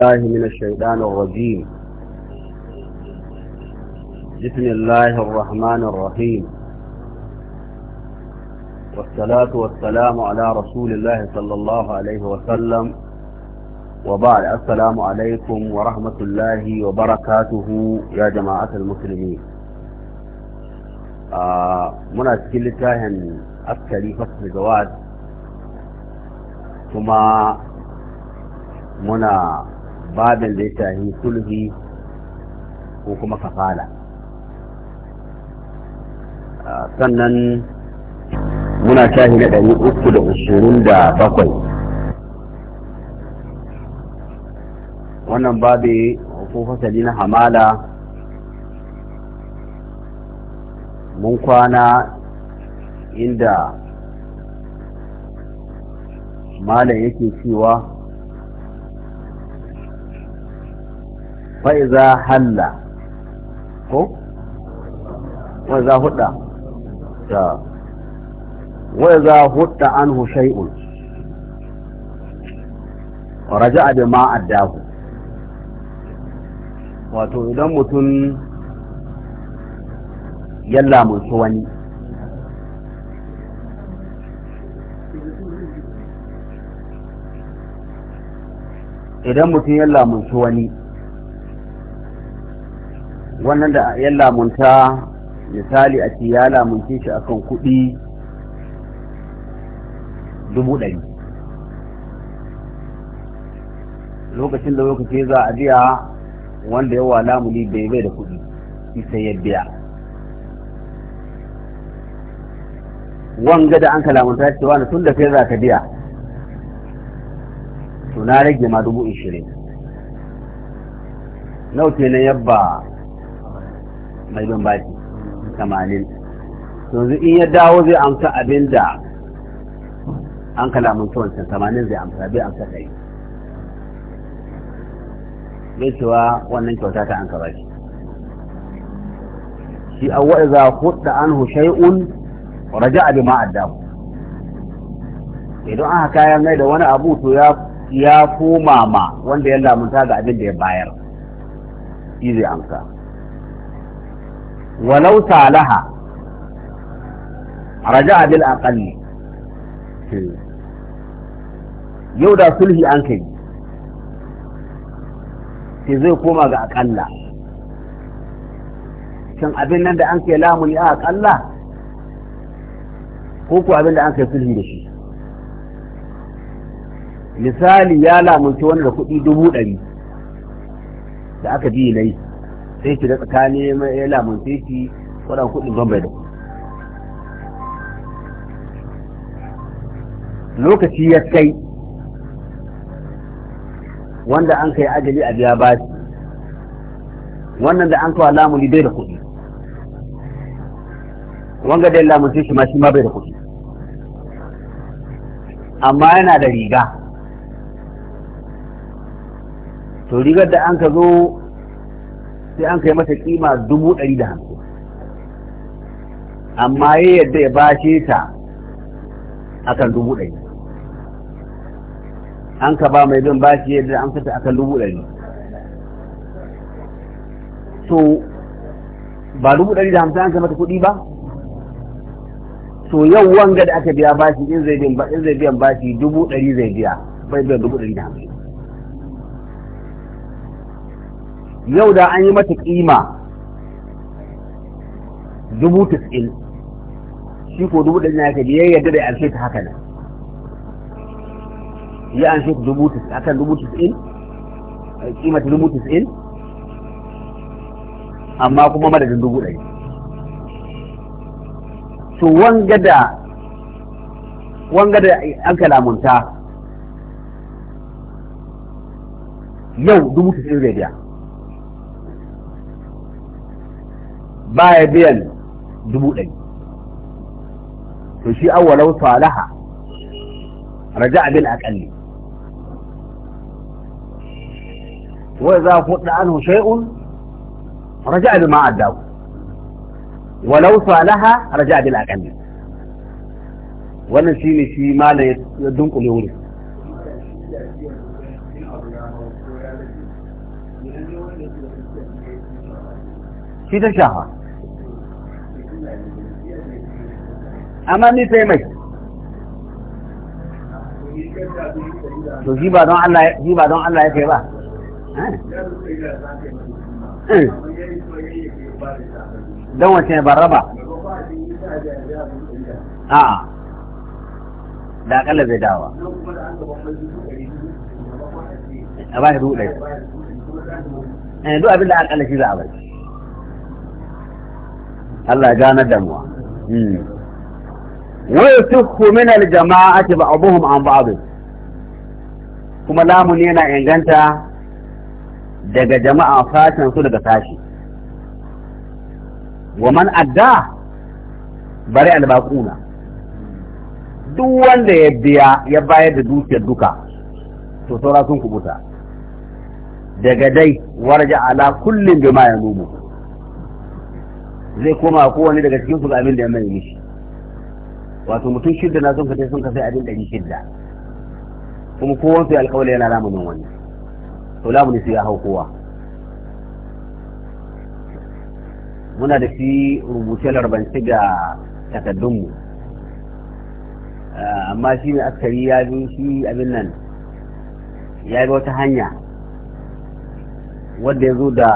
الله من الشيطان الرجيم بسم الله الرحمن الرحيم والصلاة والسلام على رسول الله صلى الله عليه وسلم وبعد السلام عليكم ورحمة الله وبركاته يا جماعة المسلمين آه منا تكلم كاهن أكثر فصل جواد ثم منا babin da ya sulhi ko kuma kafala sannan muna shahi na ɗari uku da ashirin da bakwai wannan babi ko fasali na hamala mun kwana inda malam yake cewa fa'iza halla ko wa'iza hudda ta wa'iza hudda anhu shay'un raja'a bi ma addahu wato idan mutum yalla lamunci wani idan mutum ya lamunci wani wannan da ya lamunta misali a ce ya lamunce shi akan kuɗi dubu ɗari lokacin da lokaci za a biya wanda yawa lamuni bai bai da kuɗi sai ya biya wanga da an lamunta shi na tun da kai za ka biya to na rage ma dubu ishirin nau na yabba mai ba shi tamanin yanzu in ya dawo zai amsa abin da an kalamun wancan tamanin zai amsa bai amsa ɗari zai cewa wannan kyauta ta an ka Shi shi awwa za hudda anhu raja abin bima addahu idan aka kayan mai da wani abu to ya ya koma ma wanda ya lamunta ga abin da ya bayar yi zai amsa walau talaha raja'a bil aqalli yau da sulhi an kai sai zai koma ga akalla shin abin nan da an kai lamuni a akalla ko ko abin da an kai sulhi da misali ya lamunci wani da kuɗi dubu ɗari da aka biyi na yi sai da tsakani ya lamunce shi wadan kudin da lokaci ya kai wanda an kai ajali a biya bashi wannan da an kawo lamuni bai da kuɗi wanga da lamunce shi ma shi ma bai da kuɗi amma yana da riga to rigar da an ka zo sai an kai mata kima dubu ɗari da hamsin amma ya yadda ya bashe ta a kan dubu ɗari an ka ba mai bin bashi yadda an fita a kan dubu ɗari to ba dubu ɗari da hamsin an kai mata kuɗi ba to yau wanga da aka biya bashi in zai biyan bashi dubu ɗari zai biya bai biyan dubu ɗari da hamsin yau da an yi mata kima dubu tis'in shi ko dubu ɗin na yake ya yadda da anshe ta haka nan ya anshe ta dubu tis'in akan dubu tis'in kima ta dubu tis'in amma kuma madadin dubu ɗari to wanga da wanga da an kalamunta yau dubu tis'in zai biya baya biyan dubu ɗari to shi awwalau salaha raja bil aqalli wa idza fudda anhu shay'un raja bil ma addahu walau salaha raja bil aqalli wannan shi ne shi malam ya dunkule wurin shi ta shafa amma ni sai mai to shi ba don Allah shi ba don Allah yake ba eh. Eh. don wace ba raba a da akalla zai dawa a ba shi dubu ɗaya eh duk abin da akalla shi za a bai Allah ya ganar damuwa. mu hmm. ويصح من الجماعة بعضهم عن بعض kuma lamun yana inganta daga jama'a fashin su daga sashi wa man adda bari albaquna duk wanda ya biya ya bayar da dukiyar duka to saura sun kubuta daga dai warja ala kullum bima ya numu zai koma kowane daga cikin su abin da ya mai mishi wato mutum shidda na sun fita sun kasai abin ɗari shidda kuma kowan su alƙawali yana lamunin wani to lamuni su ya hau kowa muna da shi rubuce larbanci ga takaddunmu eh, amma shi ne askari ya bi shi abin nan ya bi wata hanya wadda ya zo da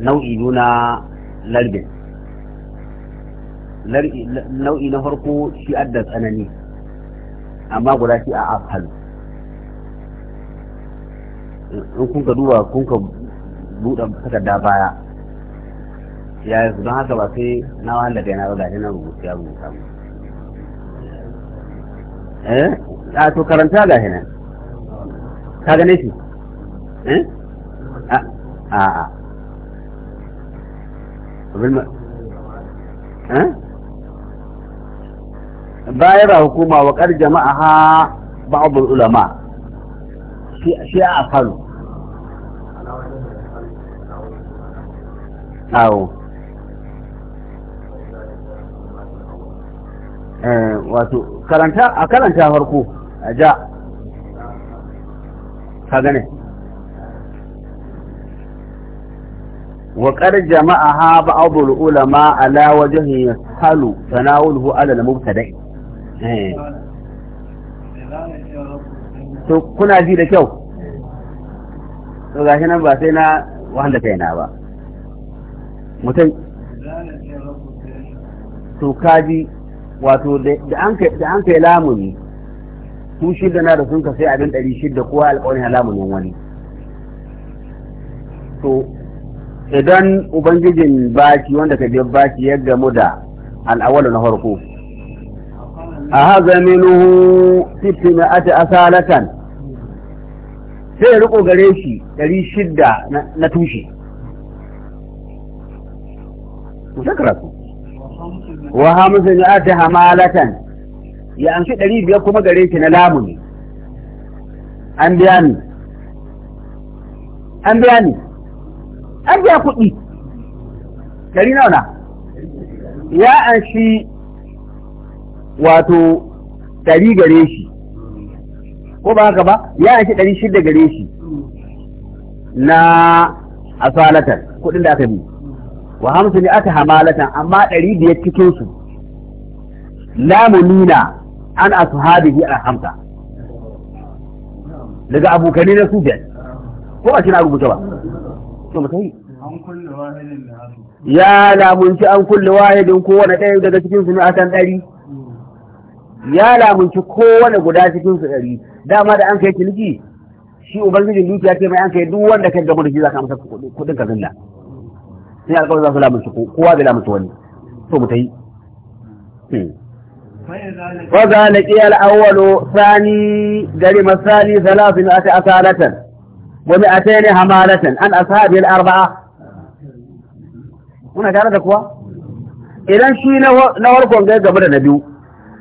nau'i na larbin nau'i na farko shi adda tsanani amma guda shi a afhal in kun ka duba kun ka buɗe takarda baya ya yi don haka ba sai na wahala da yana ba gashi na rubutu ya rubuta mu eh a to karanta gashi nan ka gane shi eh a a a eh bayar da hukuma wa kar jama'a jama'aha ba'dul ulama shi a faru awo eh, wato karanta a karanta farko a ja ka gane وقد جمعها بعض العلماء على وجه يسهل تناوله على المبتدئ Eh. to kuna ji da kyau to gashi nan ba sai na wanda kaina ba mutum to kaji wato da an kai lamuni su shidda na da sun ka sai abin ɗari shida, kowa alƙawarin lamunin wani to idan ubangijin baki wanda ka je baki ya gamu da al'awalu na farko A haɗu da mini wu sai ya riƙa gareshi ɗari shida na tushe. Wushan karatu. Waha musu ya arde ya an fi ɗari biyar kuma gareshi na lamu ne. An biya ni. An biya kuɗi. Dari nawa na? Ya ansi. wato ɗari gare shi ko ba haka ba ya ake ɗari shida gare shi na asalatar kuɗin da aka bi wa hamsu ne aka hamalatan amma ɗari biyar cikin su nuna an asu a hamsa. daga abokane na su biyar ko a cina rubuta ba to mu yi ya lamunci an kulle wahidin kowane ɗaya daga cikin su ne kan ɗari ya lamunci kowane guda cikin su ɗari dama da an kai kiliki, shi ubangiji dukiya ce mai an kai duk wanda kai da shi za ka amsa kuɗin ka zalla sai alƙawarin za su lamunci kowa bai lamunci wani so mu ta yi hmm. wa zalaki al awwalu sani gari masani a ati asalatan wa mi atayni hamalatan an ashabi al arba'a muna tare da kuwa idan shi na warkon gai gaba da na biyu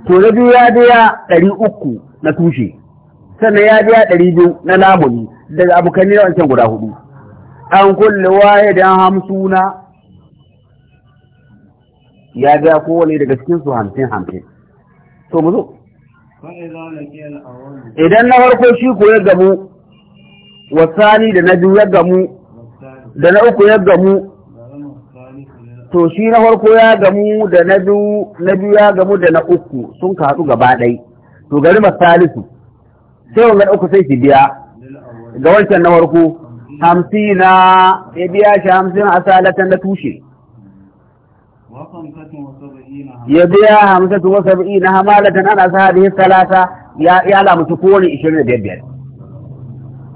to na ya biya ɗari uku na tushe sannan ya biya ɗari biyu na lamuni daga abokan ne wancan guda hudu an kulle waye don hamsuna ya biya kowane daga cikin su hamsin hamsin to mu zo idan na farko shi ko ya gamu wasani da na biyu ya gamu da na uku ya gamu to shi na farko ya gamu da na biyu ya gamu da na uku sun kaɗu gaba ɗai to gari salisu sai wanga uku sai shi biya ga wancan na farko hamsina ya biya shi hamsin asalatan na tushe ya biya hamsatu wa sab'i na hamalatan ana sa hadihi talata ya ya lamutu kowane 25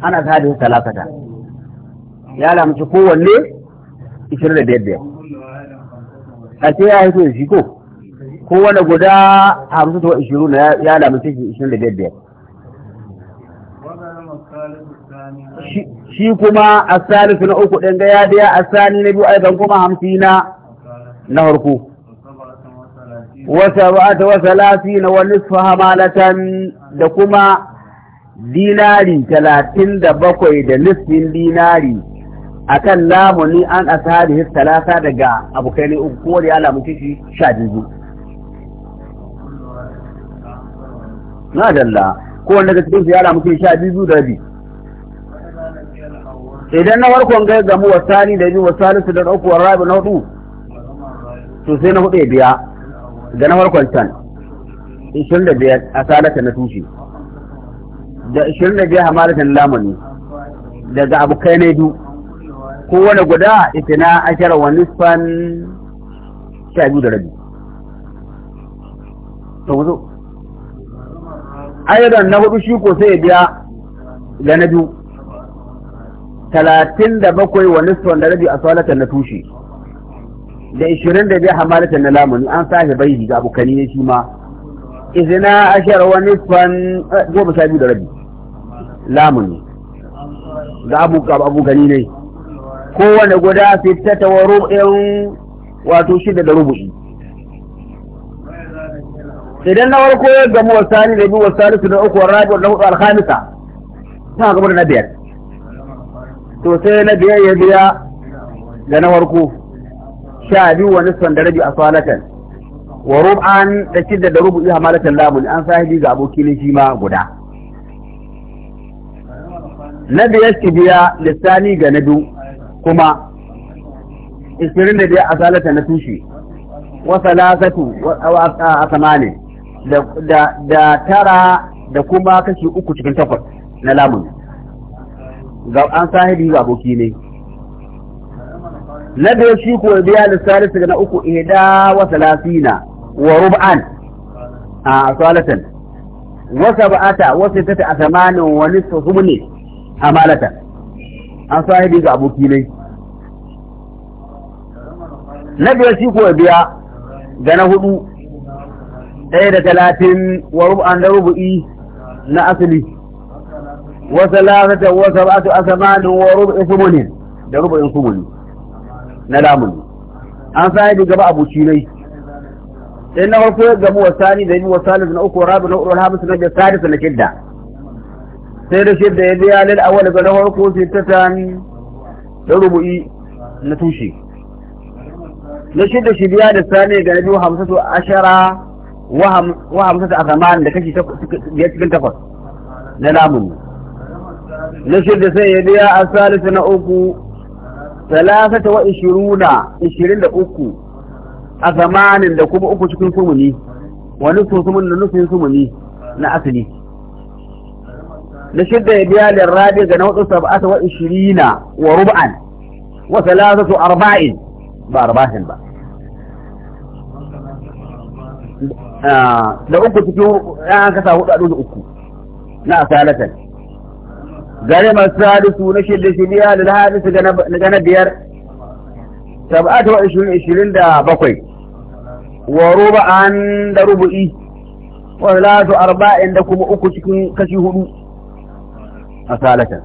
ana sa hadihi salata ya lamutu kowanne 25 Ake ya yi da shi ko kowane guda hamsin to ishirin ya lamu shi ishirin da biyar biyar shi kuma a salisu na uku ɗin gaya daya a sani na biyu aikan kuma hamsina na harko wata ta wata lafi na wani fahamalatan da kuma dinari talatin da bakwai da nufin dinari akan lamuni an ashabihi talata daga abokai ne uku ko ya lamu shi sha biyu na dalla ko wanda daga cikin su ya kishi sha biyu da bi idan na warkon ga gamu wasani da biyu su da uku wa rabi na hudu to sai na hudu biya da na warkon can 25 a salata na tushe da 25 hamalatan lamuni daga abokai na biyu kowane guda na ashara wa nisfan sha biyu da rabi to mu zo ayyukan na hudu shi ko sai ya biya ga na biyu talatin da bakwai wa nisfan da rabi a salatan na tushe da ishirin da biya hamalatar na lamuni an sahi bai ga abokani ne shi ma izina ashara wa nisfan eh, goma sha biyu da rabi lamuni ga abu gani ne kowane guda sittata wa in wato shida da rubu'i idan na farko ya gamu wa sani da biyu wa salisu na uku wa rabi na hudu alhamisa ta gaba da na biyar to sai na biyar ya biya da na farko sha biyu wa nisan da rabi a salatan wa rub'an da shida da rubu'i malatan lamun an sahibi ga abokin shi ma guda na biyar shi biya lissani ga na biyu kuma 25 asalata na tushe wasa salasatu a samani da tara da kuma kashi uku cikin takwas na lamun ga an sahibi ga aboki ne na da shi ko biya lissalisa na uku ida wa salasina wa rub'an a salatan wa sab'ata ta sittata a samanin wa ne a malata. an haɗe ga aboki ne na biyar shi ko biya ga na hudu ɗaya da talatin wa rub'an da rubu'i na asali wa salatata wa sab'atu asamanin wa rub'i sumunin da rubu'in sumuni na lamun an haɗe gaba aboki ne sai na wasu ya gamu wa sani da yi wa na uku rabu na uku na hamis na sadisa na kidda. sai da shidda ya biya lil awwal ga na farko sai ta tani da rubu'i na tushe na shidda shi biya da sani ga biyu hamsatu ashara wa hamsatu asaman da kashi biyar cikin takwas na namun na shidda sai ya biya a salisa na uku talatata wa ishiruna ishirin da uku a zamanin da kuma uku cikin sumuni wani sun sumun da nufin sumuni na asali لشدة يبيال الرابع جنوة سبعة وعشرين وربعا وثلاثة أرباع بأرباعهم بقى da uku cikin an kasa hudu a da uku na asalatan gane masu salisu na shidda shiliya da hadisu ga na biyar sab'atu wa ishirin ishirin da bakwai wa ruba an da rubu'i wa latu arba'in da kuma uku cikin kashi hudu أصالته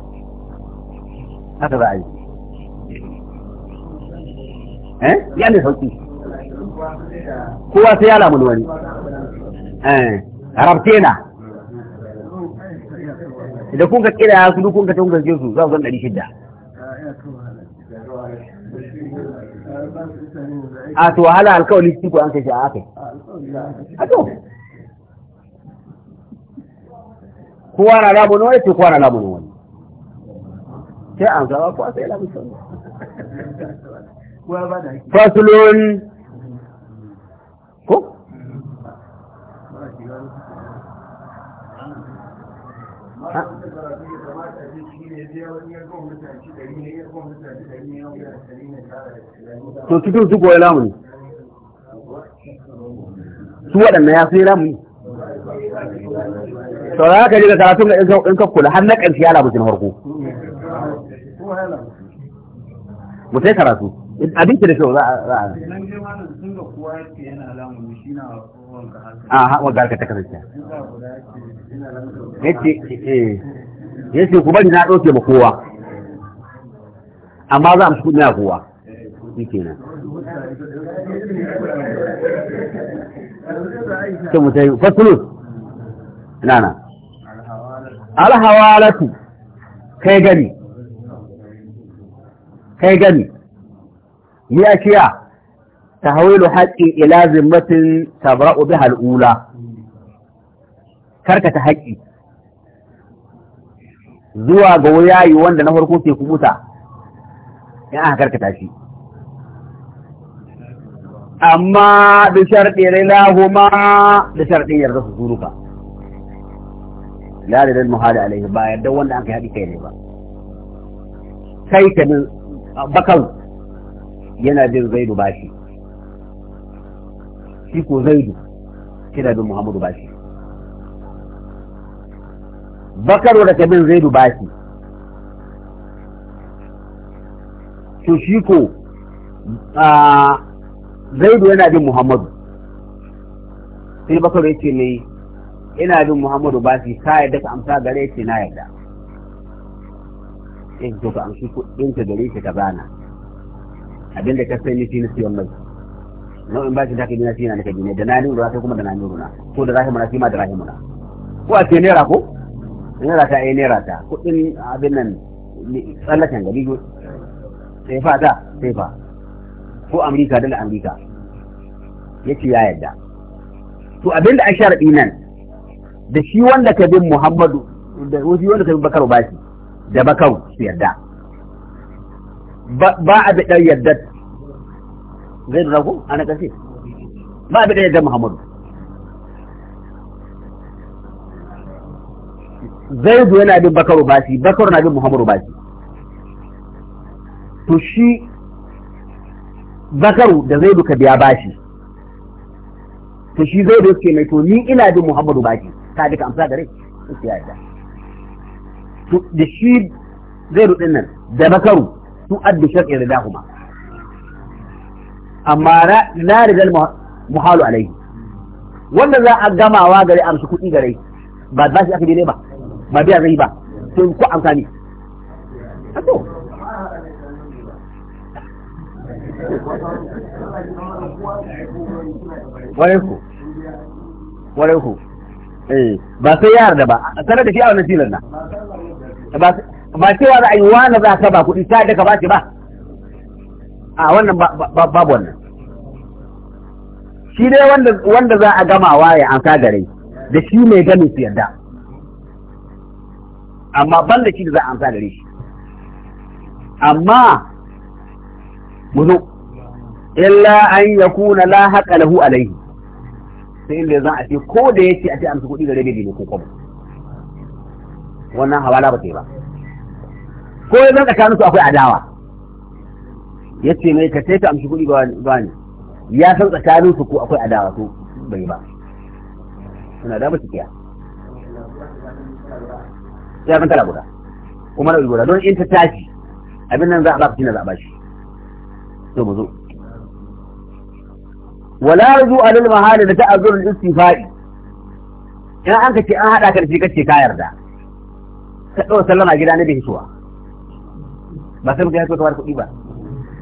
هكذا عيب إيه؟ يعني حكي هو سيالة من ولي إيه. عربتينا إذا كنت كده أصدو كنت تنقل جزو لا أظن أني شدة أتوهلا الكون يستيقوا أنت شعاتي أتوهلا kowa na lamu wani ce kowa na lamu wani sai an zaba kowa sai lamu sauri fasulun ko to su koyi su waɗanda ya sai lamu saurara ka ji da karatun da in ka kula har na ƙarshe yana bukin harko mu sai karatu abinci da kyau za a a ha wanda ka ta kasance yace ku bari na ɗauke ba kowa amma za a musu kuɗi na kowa shi kenan sai mu sai fasulus nana alhawaratu kai gani kai gani ni a kiya tahwilu haqqi ila zimmatin tabra'u bi al karkata haƙƙi zuwa ga wayayi wanda na farko ke kubuta in aka karkata shi amma da sharɗi rilahuma da sharɗin yarda su zuruka la da dal muhali alaihi ba yarda wanda an kai haɗi kai ne ba kai ka bin bakan yana bin zaidu bashi shi ko zaidu kina bin muhammadu bashi Bakar da ka bin zaidu bashi to shi ko zaidu yana bin muhammadu sai bakar yake ne ina bin Muhammadu Basi ta yadda ka amsa gare ce na yadda sai eh, to ka amshi kuɗin ka gare shi ka zana abinda ka sai nufi na siyan mai nau'in bashi da ka bi na siya na ka bi da na ni runa sai kuma da na ni runa ko da rahimu na ma da na. ko a ce naira ko naira ta ai eh, naira ta kuɗin abin nan tsallakan gari sai fa ta sai fa ko amrika dala Ya ce ya yadda to abinda an sharaɗi nan da shi wanda ka bin Muhammadu da shi wanda ka bin Bakaru ba shi da Bakar su yarda ba a bidan yarda zai da ku ana kashe ba a bidan yarda Muhammadu Zaidu yana bin Bakaru ba shi Bakar na bin Muhammadu ba shi to shi Bakaru da Zaidu ka biya bashi to shi Zaidu ke mai to ni ina bin Muhammadu ba shi ka duka amsa gare su ya yarda to da shi zai rudin nan da bakaru su addu shar'i rida kuma amma na ridal muhalu alaihi wanda za a gamawa gare amsa kuɗi gare ba za shi aka dai ba ba biya zai ba to ku amfani Warai ku, warai ku. Eh, ba sai yar da ba sai da shi a wannan silar na ba cewa za a yi wani za ka ba kuɗi ta da ka ba ki ba a wannan babu wannan shi dai wanda za a gamawa ya an gare da shi mai gani su yadda amma ban da shi da za a amsa gare shi amma mu zo illa an yakuna la haqa lahu alaihi sai inda zan a ce ko da ce a ce amsa kuɗi gare bai ne ko kuma wannan hawala ba ta yi ba ko ya zan tsakanin su akwai adawa Ya ce mai ka ce ka amshi kuɗi ba wani. ya san tsakanin su ko akwai adawa ko bai ba suna da su kiya ya kan tara guda kuma na guda don in ta tashi abin nan za a ba ku shi na za a ba shi to mu zo wala ruju alil mahali da ta'azzurul istifai in an kace an hada karfi kace ka yarda ka dau sallama gida ne bai hisuwa ba sai mutum ya so kamar kuɗi ba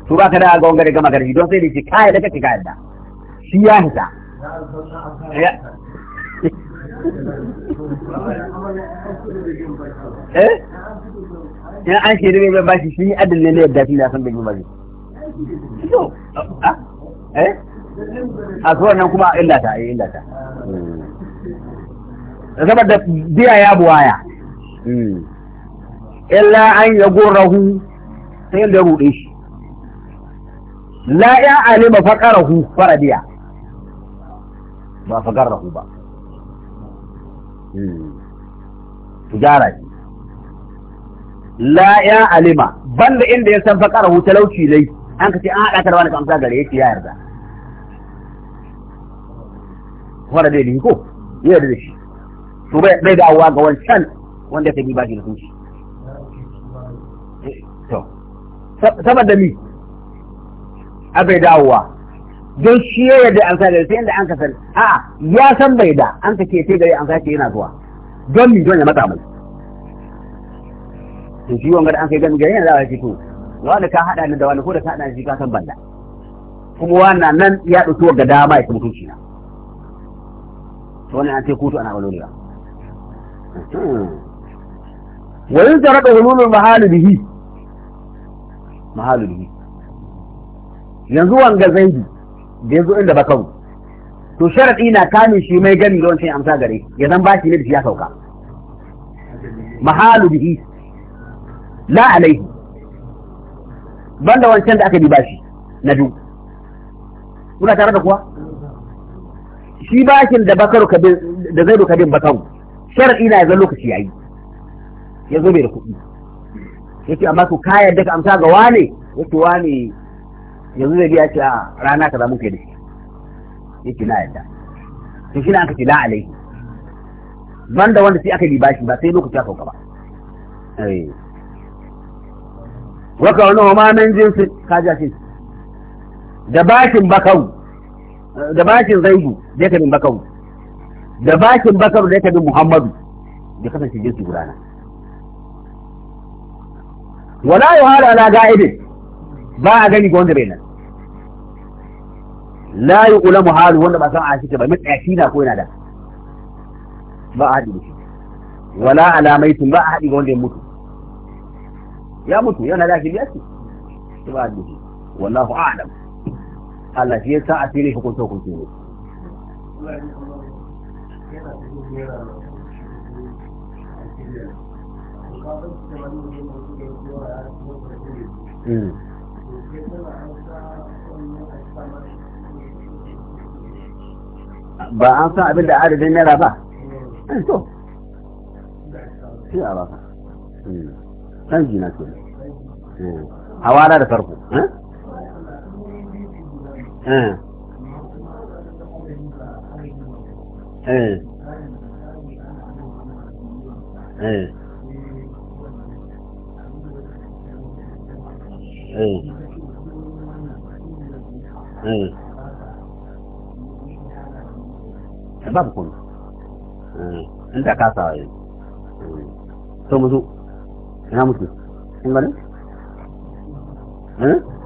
to ba ka da ga wanga da gama don sai da ce ka yarda kace ka yarda shi ya hita eh in an shi rime bai shi shi adalne ne yadda shi na san bai yi ba eh a suwar nan kuma illata a illata hmm. saboda biya ya buwaya hmm. illa an ya ta sai da ruɗe shi la ya alima faƙarahu fara biya ba faƙarahu ba hmm. tujara ce la ya alima banda inda ya san faƙarahu talauci dai an ka ce ah, an haɗa karwa da kamsa gare ya ce ya yarda wanda bai da ko ya da shi to bai dawowa ga wancan wanda ya bi bashi da sunci eh, to saboda mi a bai dawowa don shi ya yarda an sare sai inda an ka san a ya san bai da an ka ce sai gari an sace yana zuwa don mi don ya matsa mai to shi wanga da an kai gami gari yana zawa shi to wani ka haɗa ni da wani ko da ka haɗa ni shi ka san banda kuma wannan nan ya ɗauki wa ga dama ya mutunci na wannan an ce kutu ana waloriya wa yin taraka hululul mahalu mahalibihi mahalu bihi yanzu wanga zaidi da yanzu inda ba kawo to sharaɗi na kamin shi mai gani da wancan amsa gare ya zan ba shi ne da shi ya sauka mahalibihi bihi la alaihi banda wancan da aka bi bashi na duk muna tare da kuwa shi bashin da bakaru kabin da zaidu kabin bakaru ina na yanzu lokaci yayi ya zo mai da kuɗi yace amma ku ka yarda ka amsa ga wane yace wane yanzu zai biya ce a rana ka zamu kai da shi yace na yadda. to shi ne aka ce la alaihi banda wanda sai aka yi bashi ba sai lokaci ya sauka ba waka eh. wani ma min jinsin kaja shi da bakin bakau da bashin zaidu zai ka bin bakaru da bashin bakaru zai ka bin muhammadu da shi jinsi gudana wala yi hada ala ga'ibin ba a gani ga wanda bai nan la yi ulamu halu wanda ba san a shi ba matsayaci na ko yana da ba a haɗi da shi wala alamaitun ba a haɗi ga wanda ya mutu ya mutu yana da shi biyar? ce ba a haɗi da shi wallahu a'adamu Allah shi yasa a fili hukunta hukunce ne hmm. ba an san abin da adadin naira ba eh, to shi a ba ka canji hmm. na ke hmm. hawara da farko eh eh eh eh eh eh babu kuma in da kasawa yanzu to mu zo ina mutu kun gani eh